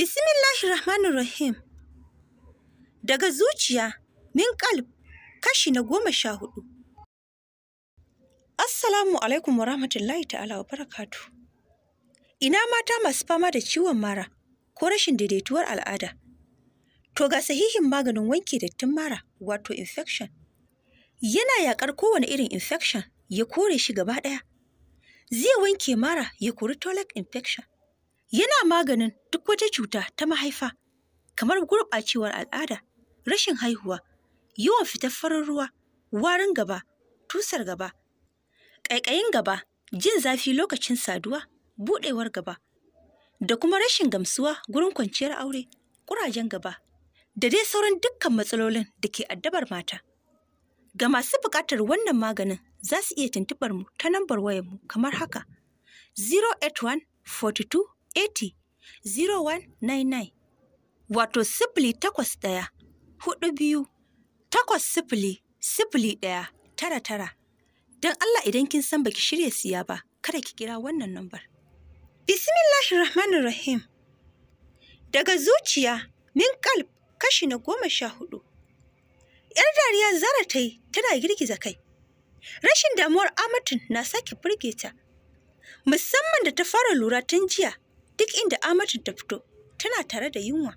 Bismillahirrahmanirrahim. Daga zuciya, min kalb, kashi na goma sha hudu. Assalamu alaikum wa rahmatullahi ta'ala wa barakatu. Ina mata masu fama da ciwon mara ko rashin daidaituwar al'ada. To ga sahihin maganin wanke dattin mara wato infection. Yana yaƙar kowane irin infection ya kore shi gaba ɗaya. Zai wanke mara ya kori toilet infection. Yana maganin duk wata cuta ta mahaifa, kamar gurɓacewar al'ada, rashin haihuwa, yawan fitar farin ruwa, warin gaba, tusar gaba, ƙaiƙayin gaba, jin zafi lokacin saduwa, buɗewar gaba, da kuma rashin gamsuwa gurin kwanciyar aure, ƙurajen gaba, da dai sauran dukkan matsalolin da ke addabar mata. Ga masu buƙatar wannan maganin za su iya tuntuɓar mu ta nambar wayarmu kamar haka 081 42 80 0199 wato sifili takwas ɗaya hudu biyu takwas sifili sifili ɗaya tara tara don Allah idan kin san baki shirya siya ba kada ki kira wannan nambar. rahim. daga zuciya min kalb kashi na goma sha hudu. ‘Yar dariya zara ta yi tana girgiza kai. Rashin damuwar Amatin na sake burge ta, musamman da ta fara lura tun jiya duk inda Amatu ta fito tana tare da yunwa.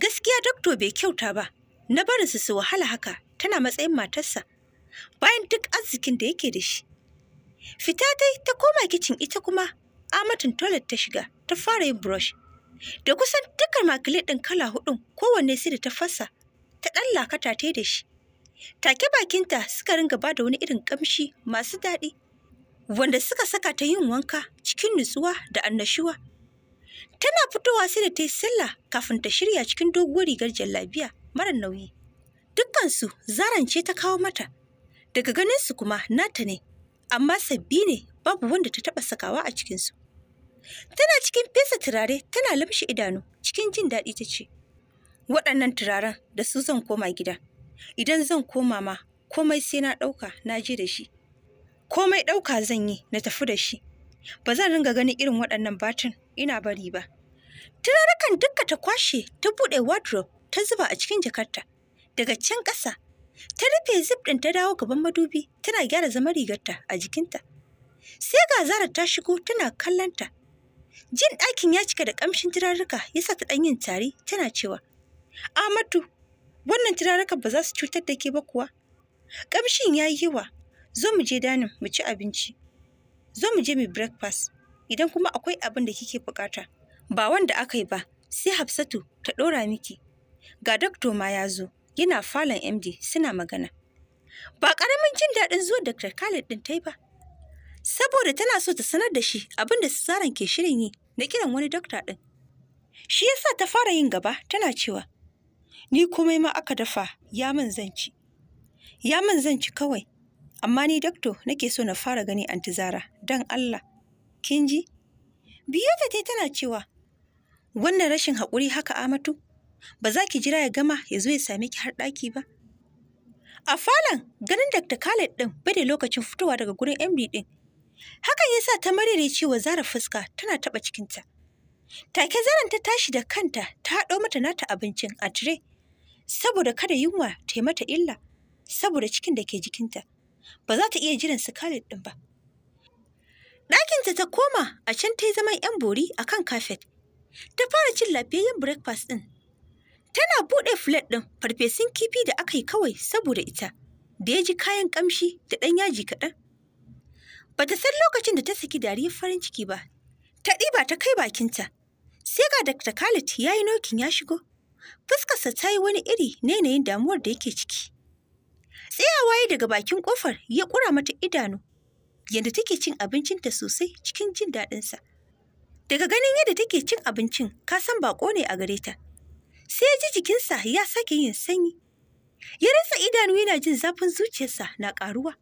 Gaskiya dokto bai kyauta ba, na barin su su wahala haka tana matsayin matarsa bayan duk arzikin da yake da shi. Fita dai ta koma kicin ita kuma Amatun toilet ta shiga ta fara yin brush. Da kusan dukkan makilin ɗin kala hudun kowanne sai da ta fasa ta ɗan lakata ta da shi. Take bakinta suka ringa ba da wani irin ƙamshi masu daɗi wanda suka saka ta yin wanka cikin nutsuwa da annashuwa. Tana fitowa sai da ta yi sallah kafin ta shirya cikin doguwar rigar jallabiya mara nauyi. Dukkansu zaran ce ta kawo mata. Daga ganinsu kuma nata ne, amma sabbi ne babu wanda ta taɓa sakawa a cikinsu. Tana cikin fesa turare tana lamshe idanu cikin jin daɗi ta ce, Waɗannan turaren da su zan koma gida. Idan zan koma ma, komai sai na ɗauka na je da shi. Komai ɗauka zan yi na tafi da shi. Ba zan ringa ganin irin waɗannan batun ina bari ba. Turarukan dukka ta kwashe ta buɗe wardrobe ta zuba a cikin jakarta. Daga can ƙasa, ta rufe zip ɗin ta dawo gaban madubi tana gyara zama rigarta a jikinta. Sai ga Zara ta shigo tana kallonta. Jin ɗakin ya cika da ƙamshin turaruka ya sa ta ɗan yin tari tana cewa, Amadu, wannan turarukan ba za su cutar da ke ba kuwa? Ƙamshin ya yi yawa, zo mu je danin mu ci abinci. Zo mu je mu breakfast. idan kuma akwai abin da kike bukata ba wanda aka yi ba sai hafsatu ta ɗora miki ga dakto ma ya zo yana falon md suna magana ba ƙaramin jin daɗin zuwa dr khalid ɗin ta yi ba saboda tana so ta sanar da shi abin da zaran ke shirin yi na kiran wani dokta ɗin shi yasa ta fara yin gaba tana cewa ni komai ma aka dafa ya man zanci ya man zanci kawai amma ni dakto nake so na fara gani anti zara don allah kin ji ta da tai tana cewa wannan rashin haƙuri haka amatu ba za ki jira ya gama ya zo ya same ki har ɗaki ba a falon ganin dr khaled ɗin bai da lokacin fitowa daga gurin md ɗin hakan ya sa ta marire cewa zara fuska tana taɓa cikinta take zaran ta tashi da kanta ta haɗo mata nata abincin a tire saboda kada yunwa ta yi mata illa saboda cikin da ke jikinta ba za ta iya jiran su khaled ɗin ba Ɗakinta ta koma a can ta yi zaman 'yan bori a kan kafet. Ta fara cin lafiyayyen breakfast ɗin. Tana buɗe flat ɗin farfesun kifi da aka yi kawai saboda ita, da ya ji kayan ƙamshi da ɗan yaji kaɗan. Ba ta san lokacin da ta saki dariyar farin ciki ba, ta ɗiba ta kai bakinta. Sai ga Dr. Khalid ya yi nokin ya shigo. Fuskarsa ta yi wani iri na yanayin damuwar da yake ciki. Tsayawa ya daga bakin ƙofar ya ƙura mata idanu yadda take cin abincinta sosai cikin jin daɗinsa. Daga ganin yadda take cin abincin, ka san baƙo ne a gare ta. Sai ya ji jikinsa ya sake yin sanyi. Ya rasa idanu yana jin zafin zuciyarsa na ƙaruwa.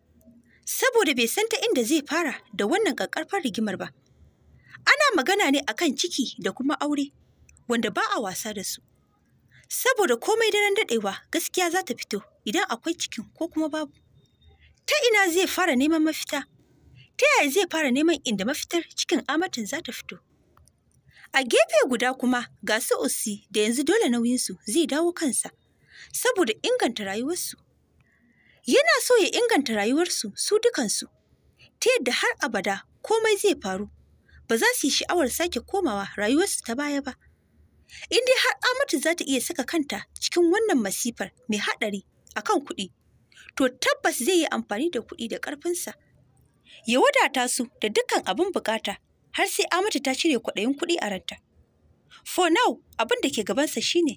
Saboda bai san ta inda zai fara da wannan ƙaƙƙarfar rigimar ba. Ana magana ne akan ciki da kuma aure, wanda ba a wasa da su. Saboda komai daren daɗewa gaskiya za ta fito idan akwai cikin ko kuma babu. Ta ina zai fara neman mafita? ta yaya zai fara neman inda mafitar cikin amatin za ta fito. A gefe guda kuma ga su Usi da yanzu dole nauyinsu zai dawo kansa, saboda inganta rayuwarsu. Yana so ya inganta rayuwarsu su dukansu, ta yadda har abada komai zai faru, ba za su yi sha'awar sake komawa rayuwarsu ta baya ba. In dai har Amatu za ta iya saka kanta cikin wannan masifar mai haɗari a kan kuɗi, to tabbas zai yi amfani da kuɗi da ƙarfinsa. ya wadata su da dukkan abin bukata har sai Amatu ta cire kwaɗayin kuɗi a ranta. For now, abin da ke gabansa shine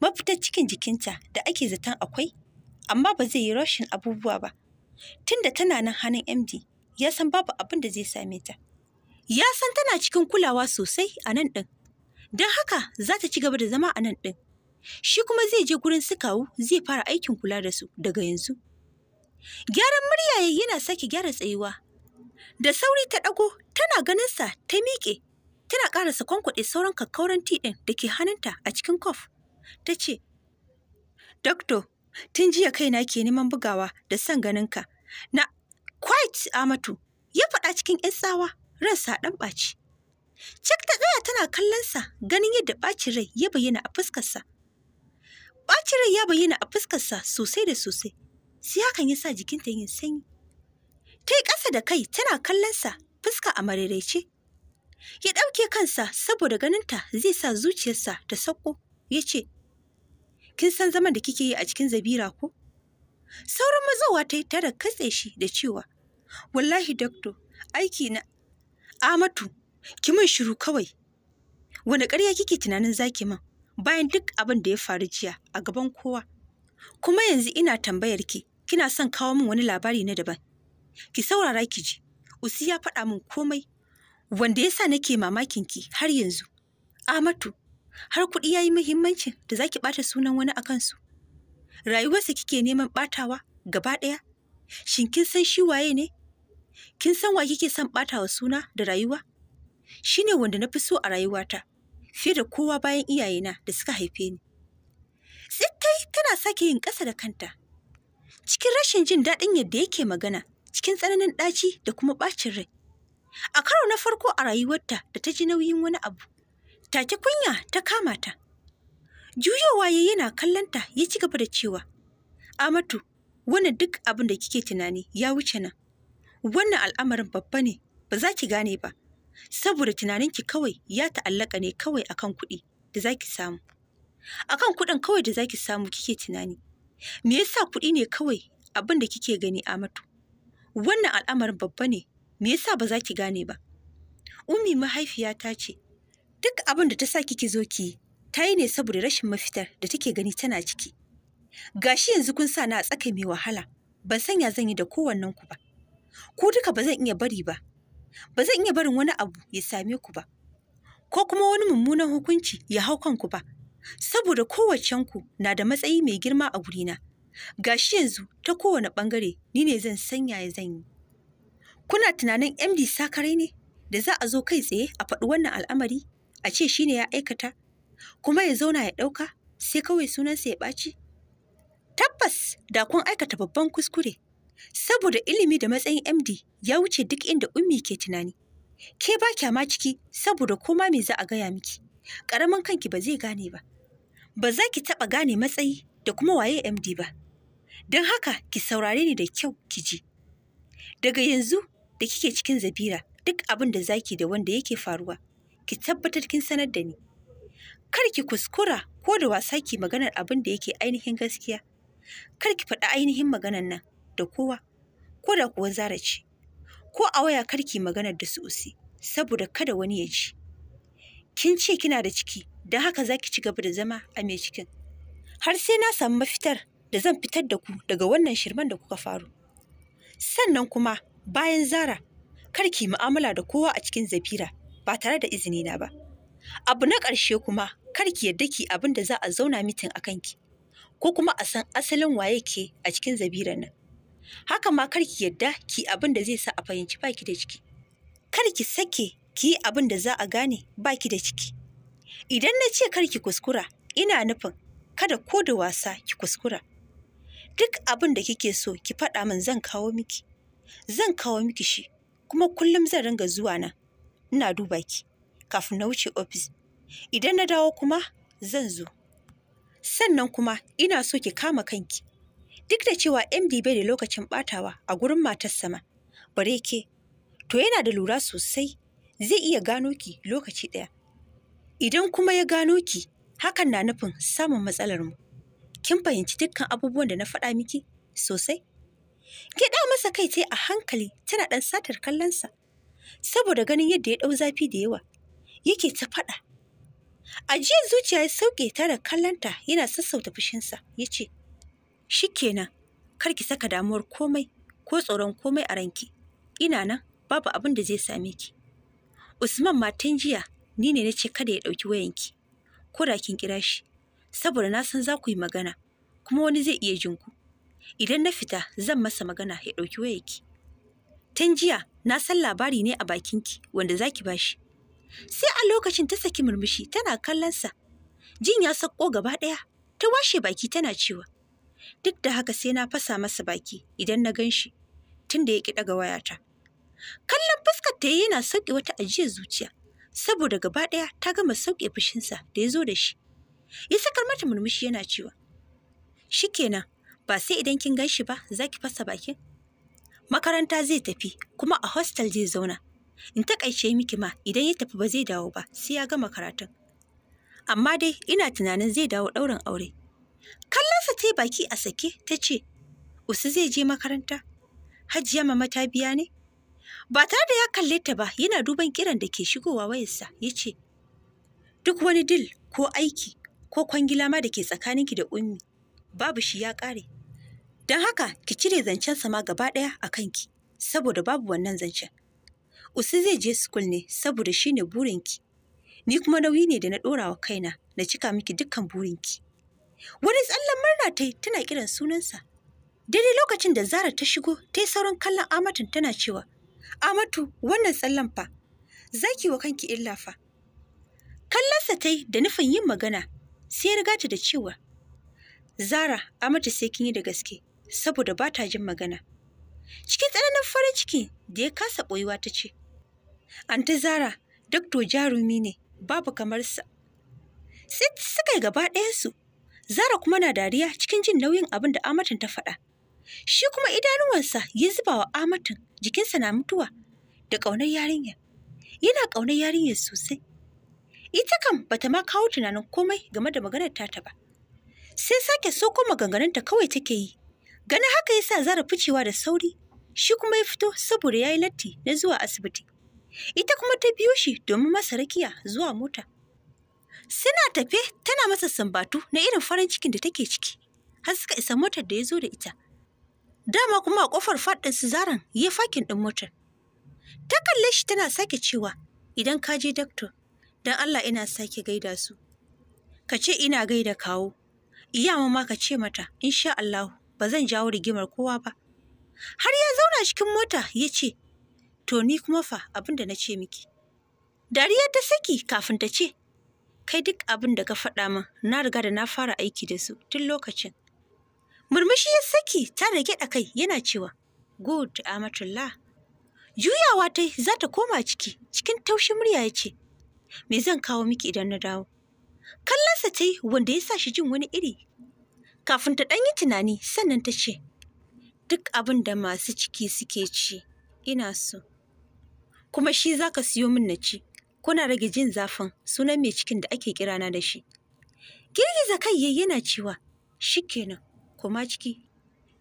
mafitar cikin jikinta da ake zaton akwai, amma ba zai yi rashin abubuwa ba. Tunda tana nan hannun MD, ya san babu abin da zai same ta. Ya san tana cikin kulawa sosai a nan ɗin, don haka za ta ci gaba da zama a nan ɗin. Shi kuma zai je gurin su kawo zai fara aikin kula da su daga yanzu. Gyaran murya ya yana sake gyara tsayuwa. Da sauri ta ɗago tana ganinsa ta miƙe. Tana ƙarasa kwankwaɗe sauran kakkauran ti ɗin da ke hannunta a cikin kwaf. Ta ce, tin tun jiya kaina ke neman bugawa da son ganinka. Na, quite Amatu, ya faɗa cikin ‘yan tsawa ransa ɗan ɓaci. Cik ta tsaya tana sa ganin yadda ɓacin rai ya bayyana a fuskarsa. Ɓacin rai ya bayyana a fuskarsa sosai da sosai. sai hakan ya sa jikinta yin sanyi. Ta yi ƙasa da kai tana kallonsa fuska a maraidaice. Ya ɗauke kansa saboda ganinta zai sa zuciyarsa ta sauko ya ce, Kin san zaman da kike yi a cikin zabira ko? Sauran mazowa ta yi tara katse shi da cewa, Wallahi dokto, aiki na Amatu, ki min shiru kawai. Wani ƙarya kike tunanin zaki man bayan duk abin da ya faru jiya a gaban kowa. Kuma yanzu ina tambayar ki, kina son kawo min wani labari na daban. Ki saurara ki ji, Usi ya faɗa min komai wanda yasa nake mamakin ki har yanzu. Amatu, har kuɗi ya yi muhimmancin da za ki ɓata sunan wani a kansu. Rayuwarsa kike neman ɓatawa gaba ɗaya? Shin kin san shi waye ne? Kin san wa kike son ɓatawa suna da rayuwa? Shi ne wanda na fi so a rayuwata, fiye da kowa bayan iyayena da suka haife ni. tana sake yin ƙasa da kanta. Cikin rashin jin daɗin yadda yake magana, cikin tsananin ɗaci da kuma ɓacin rai. A karo na farko a rayuwarta da ta ji nauyin wani abu, take kunya ta kama ta. Juyowa ya yana kallonta ya ci gaba da cewa, Amatu, wannan duk abin da kike tunani ya wuce nan. Wannan al'amarin babba ne, ba za ki gane ba, saboda tunaninki kawai ya ta'allaka ne kawai akan kuɗi da za ki samu. akan kuɗin kawai da zaki samu kike tunani me yasa kuɗi ne kawai abin da kike gani amatu wannan al'amarin babba ne me yasa ba za ki gane ba ummi mahaifiyata ce duk abin da ta sa kike zo ki ta yi ne saboda rashin mafitar da take gani tana ciki gashi yanzu kun sa na a tsaka mai wahala ban sanya zan yi da kowannen ku ba ku duka ba zan iya bari ba ba zan iya barin wani abu ya same ku ba ko kuma wani mummunan hukunci ya hau kanku ba saboda ku na da matsayi mai girma a wurina. Gashi yanzu ta kowane ɓangare ni ne zan sanya ya zan yi. Kuna tunanin MD sakarai ne da za a zo kai tsaye a faɗi wannan al'amari a ce shi ne ya aikata kuma ya zauna ya ɗauka sai kawai sunansa ya ɓaci? Tabbas da kun aikata babban kuskure saboda ilimi da matsayin MD ya wuce duk inda ummi ke tunani. Ke ba kya ma ciki saboda koma me za a gaya miki. ƙaramin kanki ba zai gane ba. Ba za ki taɓa gane matsayi da kuma waye MD ba. Don haka ki saurare ni da kyau ki ji. Daga yanzu da kike cikin zabira duk abin da zaki da wanda yake faruwa, ki tabbatar kin sanar da ni. Kar ki kuskura ko da wasa ki maganar abin da yake ainihin gaskiya. Kar ki faɗi ainihin maganar nan da kowa, ko da kuwa zara ce. Ko a waya kar ki maganar da su usi, saboda kada wani ya ci. kin ce kina da ciki don haka za ki ci gaba da zama a mai cikin har sai na samu mafitar da zan fitar da ku daga wannan shirman da kuka faru sannan kuma bayan zara kar ki mu'amala da kowa a cikin zabira ba tare da izini na ba abu na ƙarshe kuma kar ki yarda ki abin da za a zauna mitin a kanki ko kuma a san asalin waye ke a cikin zabiran nan haka ma kar ki yarda ki abin da zai sa a fahimci baki da ciki kar ki sake ki abin da za a gane baki da ciki idan na ce kar ki kuskura ina nufin kada ko da wasa ki kuskura duk abin da kike so ki faɗa min zan kawo miki zan kawo miki shi kuma kullum zan ringa zuwa nan ina duba ki kafin na wuce ofis idan na dawo kuma zan zo sannan kuma ina so ki kama kanki duk da cewa md bai da lokacin batawa a gurin matar sama bare ke to yana da lura sosai zai iya gano ki lokaci ɗaya. Idan kuma ya gano ki, hakan na nufin samun matsalar mu. Kin fahimci dukkan abubuwan da na faɗa miki sosai? Gyaɗa masa kai sai a hankali tana ɗan satar kallonsa, saboda ganin yadda ya ɗau zafi da yawa, yake ta faɗa. jiya zuciya ya sauke ta da kallonta yana sassauta fushinsa, ya ce, Shi kenan, kar ki saka damuwar komai ko tsoron komai a ranki, ina nan babu abin da zai same ki. Usman ma tun jiya ni ne na ce kada ya ɗauki wayanki, ko da kin kira shi, saboda na san za ku yi magana, kuma wani zai iya jinku Idan na fita zan masa magana ya ɗauki wayanki. Tun jiya na san labari ne a bakinki wanda za ki bashi. Sai a lokacin ta saki murmushi tana kallonsa. Jin ya sako gaba ɗaya, ta washe baki tana cewa. Duk da haka sai na fasa masa baki idan na gan shi, tun da ya ƙi ɗaga wayata. Kallon fuskar ta yana sauke wata ajiyar zuciya, saboda gaba ɗaya ta gama sauke fushinsa da ya zo da shi. Ya sakar mata murmushi yana cewa, shi kenan ba sai idan kin gan shi ba za ki fasa bakin. Makaranta zai tafi kuma a hostel zai zauna. In taƙaice miki ma idan ya tafi ba zai dawo ba sai ya gama karatun. Amma dai ina tunanin zai dawo ɗaurin aure. Kallonsa ta yi baki a sake ta ce, Usu zai je makaranta? Hajiya mama ta biya ne? Ba tare da ya kalle ta ba yana duban kiran da ke shigowa wayarsa ya ce, Duk wani dil ko aiki ko kwangila ma da ke tsakaninki da ummi babu shi ya ƙare. Don haka ki cire zancen sama gaba ɗaya a kanki saboda babu wannan zancen. Usi zai je sukul ne saboda shi ne burinki. Ni kuma nauyi ne da na ɗora wa kaina na cika miki dukkan burinki. Wani tsallan murna ta yi tana kiran sunansa. Daidai lokacin da Zara ta shigo ta yi sauran kallon amatin tana cewa Amatu wannan tsallan fa, za ki wa kanki illa fa. Kallonsa ta yi da nufin yin magana sai ya riga ta da cewa, Zara, Amatu sai kin yi da gaske, saboda ba ta jin magana. Cikin tsananin farin ciki da ya kasa ɓoyuwa ta ce, Anta Zara, Dokto jarumi ne, babu kamar sa. Sai suka yi gaba ɗayansu, Zara kuma na dariya cikin jin nauyin abin da Amatun ta faɗa. shi kuma idanuwansa ya zuba wa amatin jikinsa na mutuwa da ƙaunar yarinya yana ƙaunar yarinya sosai ita kam bata ma kawo tunanin komai game da maganar ta ba sai sake soko ta kawai take yi Gani haka yasa zara ficewa da sauri shi kuma ya fito saboda ya yi latti na zuwa asibiti ita kuma ta biyo shi domin masa rakiya zuwa mota suna tafe tana masa sambatu na irin farin cikin da take ciki har suka isa motar da ya zo da ita Dama kuma a ƙofar faɗin su zaran yi fakin ɗin motar. Ta kalle shi tana sake cewa, idan ka je dakto, don Allah ina sake gaida su. Ka ce ina gaida kawo, iya ma ka ce mata, insha Allahu, ba zan jawo rigimar kowa ba. Har ya zauna cikin mota ya ce, to ni kuma fa abin da na ce miki. Dariya ta saki kafin ta ce, kai duk abin da ka faɗa min na riga da na fara aiki da su tun lokacin. Murmushi ya saki ta rage da kai yana cewa, Good Amatullah. Juyawa ta za ta koma ciki cikin taushin murya ya ce, Me zan kawo miki idan na dawo? Kallonsa ta yi wanda ya sa shi jin wani iri. Kafin ta ɗan yi tunani sannan ta ce, Duk abin da masu ciki suke ci, ina so. Kuma shi za ka siyo min na ci, kuna rage jin zafin sunan mai cikin da ake kirana da shi. Girgiza kai yana cewa, shikenan koma ciki,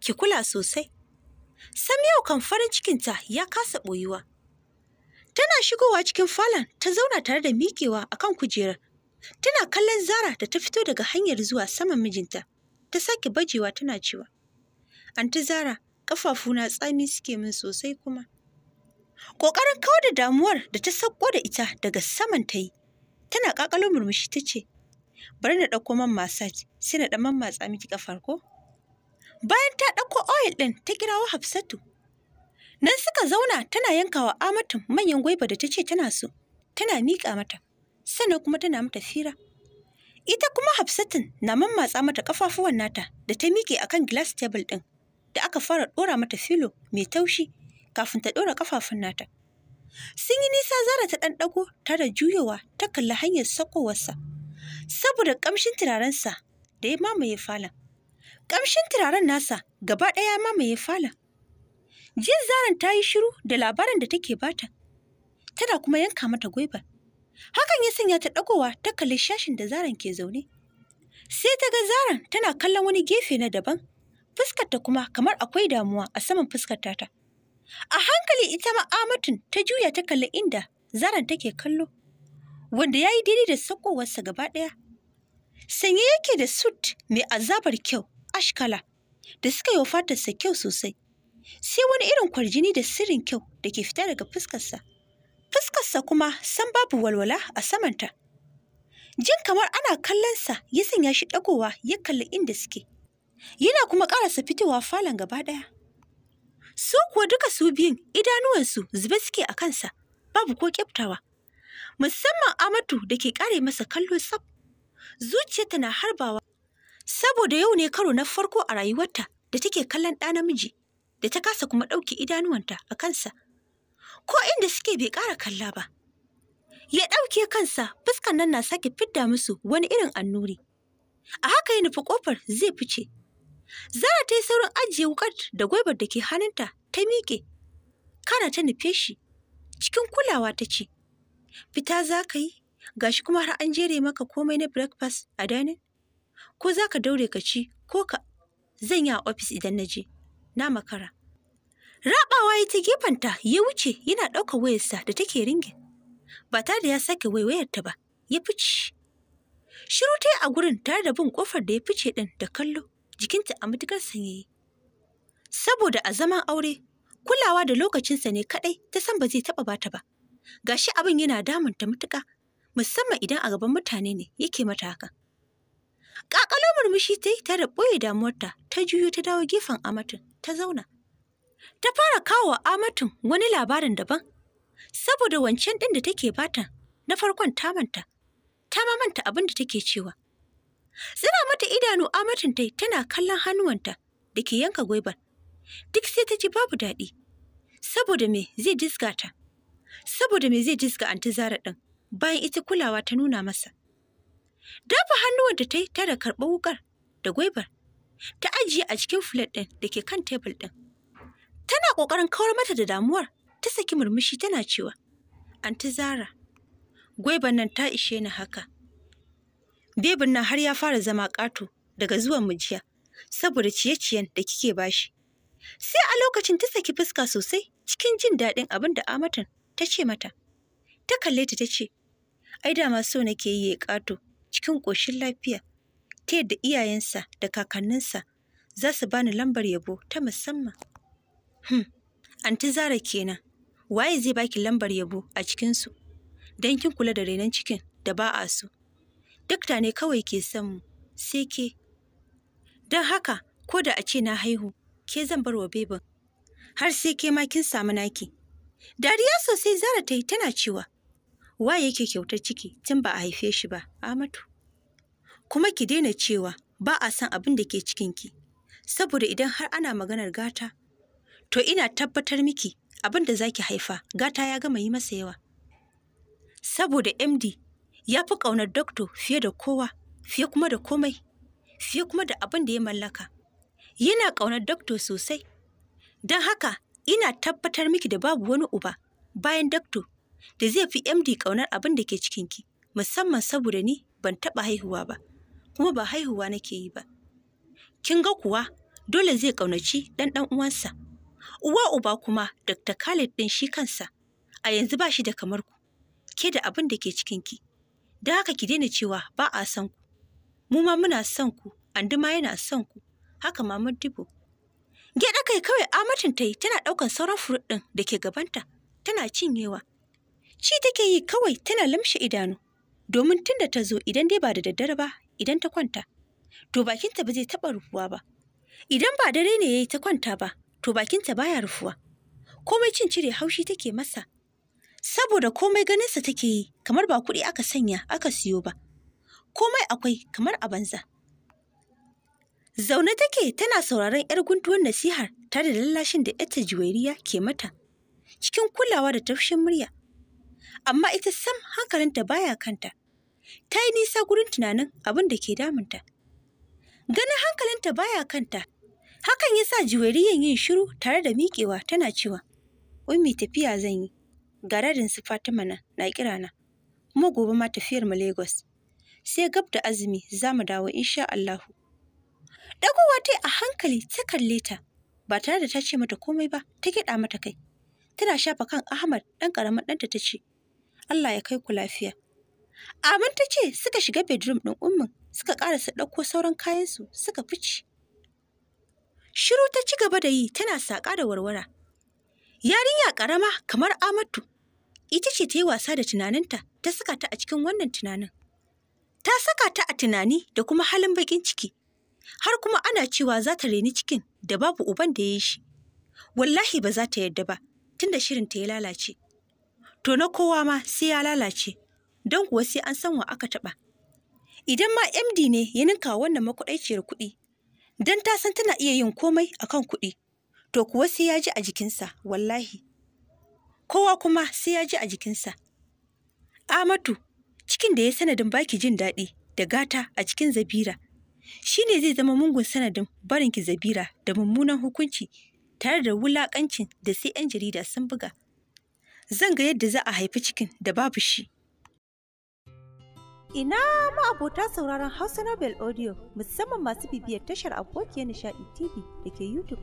ki kula sosai. Sam yau kan farin cikinta ya kasa ɓoyuwa. Tana shigowa cikin falon ta zauna tare da miƙewa a kan kujerar. Tana kallon Zara da ta fito daga hanyar zuwa saman mijinta. Ta sake bajewa tana cewa, Anti Zara, ƙafafuna tsami suke min sosai kuma. Ƙoƙarin kawar da damuwar da ta sauko da ita daga saman ta yi. Tana ƙaƙalo murmushi ta ce, Bari na ɗauko man masaj, sai na ɗan matsa miki ƙafar ko? Bayan ta ɗauko oil ɗin ta kirawo Hafsatu. Nan suka zauna tana yanka wa Amatun manyan gwaiba da ta ce tana so, tana miƙa mata, sannan kuma tana mata fira. Ita kuma Hafsatun na mammatsa mata ƙafafuwan nata da ta miƙe a kan glass table ɗin da aka fara ɗora mata filo mai taushi kafin ta ɗora ƙafafun nata. Sun yi nisa zara ta ɗan ɗago tare juyowa ta kalla hanyar sakowarsa saboda ƙamshin turarensa da ya mamaye falon. Ƙamshin turaren nasa gaba ɗaya mamaye fala. Jin zaran ta yi shiru da labarin da take bata, tana kuma yanka mata gwaibar. Hakan ya sanya ta ɗagowa ta kalli shashin da zaran ke zaune. Sai ta ga zaran tana kallon wani gefe na daban, fuskarta kuma kamar akwai damuwa a saman fuskarta ta. A hankali ita ma amatun ta juya ta kalli inda zaran take kallo, wanda ya yi daidai da sakowarsa gaba ɗaya. Sanye yake da sut mai azabar kyau, ashkala da suka yi wa fatarsa kyau sosai sai wani irin kwarjini da sirrin kyau da ke fita daga fuskarsa fuskarsa kuma san babu walwala a samanta jin kamar ana kallonsa ya sanya shi ɗagowa ya kalli inda suke yana kuma ƙarasa fitowa falon gaba ɗaya su kuwa duka su biyun idanuwansu zube suke a kansa babu ko kyaftawa musamman amatu da ke ƙare masa kallo sab zuciyarta na harbawa Saboda yau ne karo na farko a rayuwarta da take kallon ɗa namiji, da ta kasa kuma ɗauke idanuwanta a kansa. Ko inda suke bai ƙara kalla ba. Ya ɗauke kansa fuskan nan na sake fidda musu wani irin annuri. A haka ya nufi ƙofar zai fice. Zara ta yi saurin ajiye wukar da gwaibar da ke hannunta ta miƙe. Kana ta nufe shi. Cikin kulawa ta ce, Fita za ka yi, gashi kuma har an jere maka komai na breakfast a dining. ko za ka daure ka ci ko ka zan yi a ofis idan na je na makara rabawa ya ta gefenta ya wuce yana ɗaukar wayarsa da take ringin ba tare da ya sake waiwayarta ba ya fice shiru ta yi a gurin tare da bin kofar da ya fice ɗin da kallo jikinta a matukar sanyayi saboda a zaman aure kulawa da lokacinsa ne kaɗai ta san ba zai taɓa bata ba gashi abin yana damunta matuƙa musamman idan a gaban mutane ne yake mata hakan Ƙaƙalo murmushi ta yi tare ɓoye damuwarta, ta juyo ta dawo gefen Amatun, ta zauna. Ta fara kawo Amatun wani labarin daban, saboda wancan ɗin da take bata na farkon ta manta, ta ma manta abin da take cewa. Tsira mata idanu amatun tai tana kallon hannuwanta da ke yanka gwaibar. Duk sai ta ji babu daɗi. Saboda me zai jizgata, ta? Saboda me zai jizga anti Zara ɗin bayan ita kulawa ta nuna masa? Dafa hannuwar da ta yi tara karɓar wukar da gwaibar ta ajiye a cikin filet ɗin da ke kan tebul ɗin. Tana ƙoƙarin kawar mata da damuwar ta saki murmushi tana cewa, Anti Zara, gwaiban nan ta ishe ni haka. Bebin nan har ya fara zama ƙato daga zuwan mujiya saboda ciye-ciyen da kike bashi. Sai a lokacin ta saki fuska sosai cikin jin daɗin abin da Amatan ta ce mata. Ta kalle ta ta ce, Ai dama so nake yi ya ƙato cikin ƙoshin lafiya ta yadda iyayensa da kakanninsa za su bani lambar yabo ta musamman. Hmm, anti Zara kenan, waye zai baki lambar yabo a cikinsu don kin kula da renon cikin da ba a so. Dokta ne kawai ke son mu, sai ke. Don haka, ko da a ce na haihu, ke zan bar wa beban, har sai ke ma kin samu naki. Dariya sosai Zara ta yi tana cewa, wa yake kyautar ciki tun ba a haife shi ba amatu kuma ki daina cewa ba a san abin da ke cikinki saboda idan har ana maganar gata to ina tabbatar miki abin da zaki haifa gata ya gama yi masa yawa saboda md ya fi ƙaunar dokto fiye da kowa fiye kuma da komai fiye kuma da abin da ya mallaka yana ƙaunar dokto sosai don haka ina tabbatar miki da babu wani uba bayan dokto da zai fi MD ƙaunar abin da ke cikinki, musamman saboda ni ban taɓa haihuwa ba, kuma ba haihuwa nake yi ba. Kin ga kuwa dole zai ƙaunaci ɗan ɗan uwansa. Uwa uba kuma Dr. Khalid ɗin shi kansa, a yanzu ba shi da kamar ku, ke da abin da ke cikin ki. Da haka ki daina cewa ba a san ku. Mu ma muna son ku, Anduma yana son ku, haka Mamad Dibo. Gyaɗa kai kawai amatin ta yi tana ɗaukan sauran furut ɗin da ke gabanta, tana cinyewa. Ci take yi kawai tana lamshe idanu, domin tun da ta zo idan dai ba da daddare ba idan ta kwanta, to bakinta ba zai taɓa rufuwa ba. Idan ba dare ne ya yi ta kwanta ba, to bakinta baya rufuwa. Komai cin cire haushi take masa, saboda komai ganinsa take yi kamar ba kuɗi aka sanya aka siyo ba. Komai akwai kamar a banza. Zaune take tana sauraron 'yar guntuwar nasihar tare da lallashin da 'yarta juwairiya ke mata, cikin kulawa da taushin murya. amma ita sam hankalinta baya kanta. Ta yi nisa gurin tunanin abin da ke damunta. Ganin hankalinta baya kanta, hakan ya sa juweriyan yin shiru tare da miƙewa tana cewa, Wai mai tafiya zan yi, garadin su Fatima na na kira na, kuma gobe ma tafiyar mu Lagos. Sai gab da azumi za mu dawo insha Allahu. Dagowa ta a hankali ta kalle ta, ba tare da ta ce mata komai ba, ta kiɗa mata kai. Tana shafa kan Ahmad ɗan ƙaramin ɗanta ta ce, Allah ya kai ku lafiya. Amin ta ce suka shiga bedroom ɗin ummin suka ƙara ɗauko sauran kayansu suka fice. Shiru ta ci gaba da yi tana saƙa da warwara. Yarinya ƙarama kamar Amatu, ita ce ta yi wasa da tunaninta ta saka ta a cikin wannan tunanin. Ta saka ta a tunani da kuma halin baƙin ciki, har kuma ana cewa za ta reni cikin da babu uban da ya yi shi. Wallahi ba za ta yarda ba, tunda shirin ta ya lalace. to na kowa ma sai ya lalace don kuwa sai an san wa aka taɓa idan ma md ne ya ninka wannan makuɗaiciyar kuɗi don ta san tana iya yin komai a kan kuɗi to kuwa sai ya ji a jikinsa wallahi kowa kuma sai ya ji a jikinsa amatu cikin da ya sanadin baki jin daɗi da gata a cikin zabira shi ne zai zama mungun sanadin barinki zabira da mummunan hukunci tare da wulaƙancin da sai 'yan jarida sun buga zan ga yadda za a haifi cikin da babu shi. Ina ma'abota sauraron Hausa Nobel Audio musamman masu bibiyar tashar abokiyar nishadi TV da ke YouTube.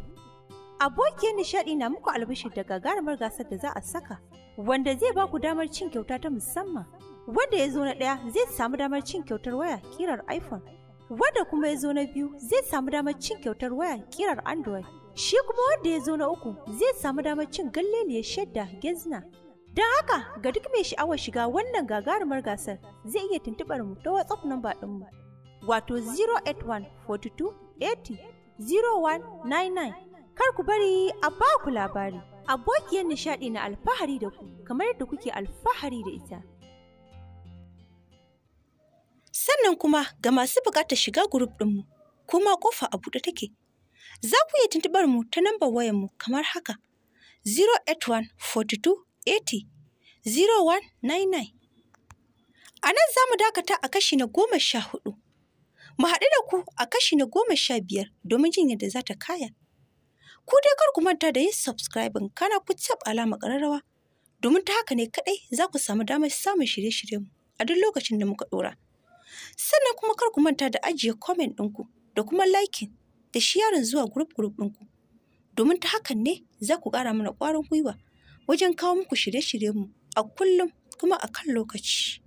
Abokiyar nishadi na muku albishir daga gagarumar gasar da za a saka wanda zai ba ku damar cin kyauta ta musamman. Wanda ya zo na ɗaya zai samu damar cin kyautar waya kirar iPhone. Wanda kuma ya zo na biyu zai samu damar cin kyautar waya kirar Android. shi kuma wanda ya zo na uku zai samu damar cin galleliyar shadda gezna don haka ga duk mai sha'awar shiga wannan gagarumar gasar zai iya tuntubar mu ta whatsapp din ɗinmu wato 08142800199 kar ku bari a ba ku labari abokiyar nishaɗi na alfahari da ku kamar yadda kuke alfahari da ita sannan kuma ga masu buƙatar shiga grup ɗinmu kuma ƙofa a buɗe take Za ku iya tuntuɓar mu ta nambar mu kamar haka 081 42 80 0199. A nan za mu dakata a kashi na goma sha hudu. Mu haɗu da ku a kashi na goma sha biyar domin jin yadda za ta kaya. Ku dai kar ku manta da yin subscribe kana ku tsab alama ƙararrawa domin ta haka ne kaɗai za ku samu damar samun shirye-shiryenmu a duk lokacin da muka ɗora. Sannan kuma kar ku manta da ajiye comment ɗinku da kuma liking da shi yaron zuwa group group ɗinku. Domin ta hakan ne za ku ƙara mana ƙwarin gwiwa wajen kawo muku shirye-shiryenmu a kullum kuma a kan lokaci.